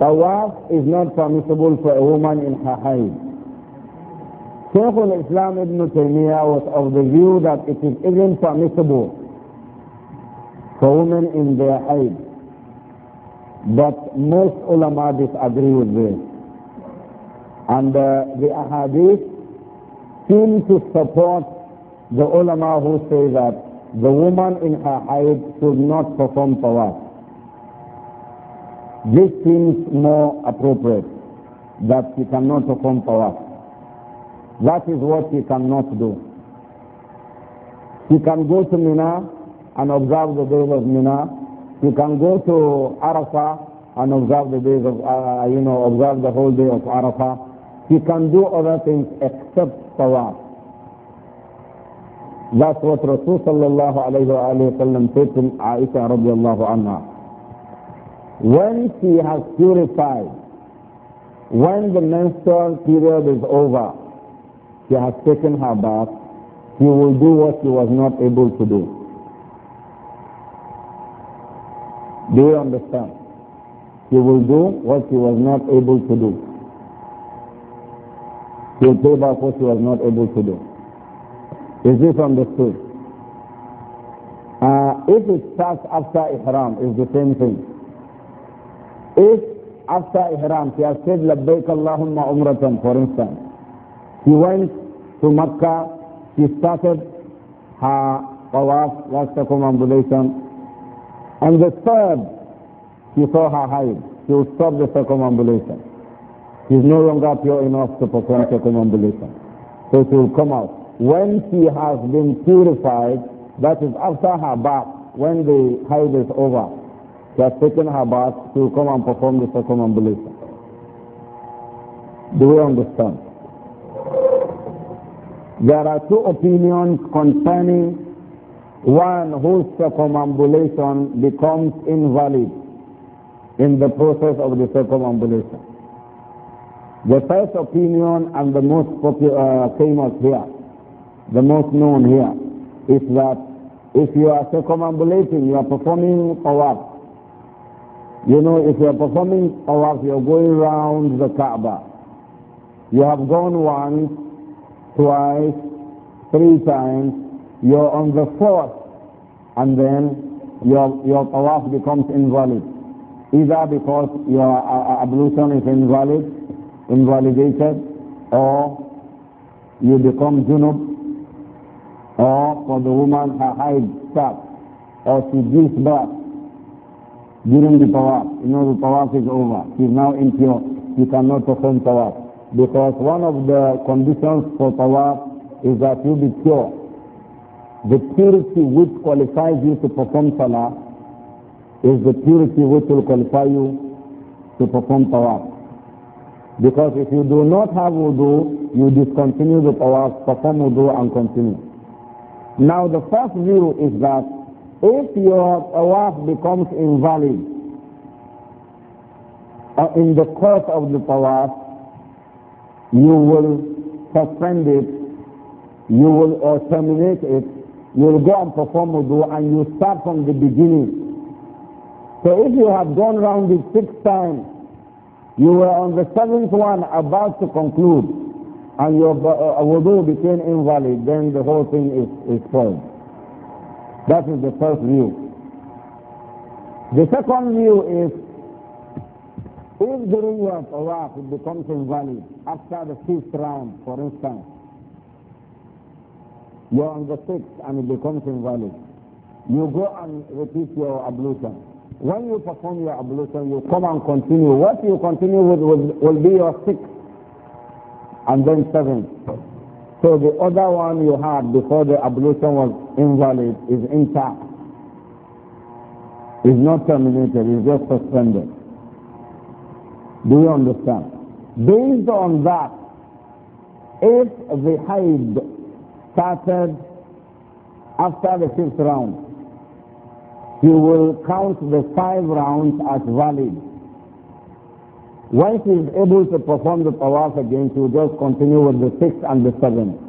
tawaf is not permissible for a woman in her haid. Shaykh al-Islam ibn Taymiyyah was of the view that it is even permissible for women in their haid. But most ulama disagree with this. And uh, the ahadith seem to support the ulama who say that the woman in her haid should not perform tawaf. This seems more appropriate, that she cannot perform tawaf. That is what she cannot do. She can go to Mina and observe the days of Mina. She can go to Arafah and observe the days of, uh, you know, observe the whole day of Arafah. She can do other things except tawaf. That's what Rasul sallallahu alayhi wa sallam said to Aisha radiallahu anha. When she has purified, when the menstrual period is over, she has taken her bath, she will do what she was not able to do. Do you understand? She will do what she was not able to do. She will pay back what she was not able to do. Is this understood? Uh, if it starts after ihram, it's the same thing. If after ihram, he has said labbaik Allahumma umratan, for instance, he went to Mecca, she started her tawaf, last circumambulation, and the third, she saw her hide, she will stop the circumambulation. She's no longer pure enough to perform circumambulation. So she will come out when she has been purified, that is after her bath, when the hide is over, she has taken her bath to come and perform the circumambulation. Do we understand? There are two opinions concerning one whose circumambulation becomes invalid in the process of the circumambulation. The first opinion and the most popular, uh, famous here the most known here, is that if you are circumambulating, you are performing tawaf. You know, if you are performing tawaf, you are going round the Kaaba. You have gone once, twice, three times, you are on the fourth, and then your, your tawaf becomes invalid. Either because your uh, uh, ablution is invalid, invalidated, or you become junub or for the woman her hide stuck or she gives birth during the tawaf. You know the tawaf is over. She's now impure. She cannot perform tawaf. Because one of the conditions for tawaf is that you be pure. The purity which qualifies you to perform salah is the purity which will qualify you to perform tawaf. Because if you do not have wudu, you discontinue the tawaf, perform wudu and continue. Now the first view is that if your tawaf becomes invalid uh, in the course of the tawaf, you will suspend it, you will uh, terminate it, you will go and perform wudu and you start from the beginning. So if you have gone round it six times, you were on the seventh one about to conclude, and your uh, wudu became invalid, then the whole thing is, is spoiled. That is the first view. The second view is if the rule of Iraq becomes invalid after the fifth round, for instance, you're on the sixth and it becomes invalid. You go and repeat your ablution. When you perform your ablution, you come and continue. What you continue with will, will be your sixth and then seventh. So the other one you had before the ablution was invalid is intact. Is not terminated, is just suspended. Do you understand? Based on that, if the hide started after the fifth round, you will count the five rounds as valid. Once he is able to perform the tawaf again, he will just continue with the sixth and the seventh.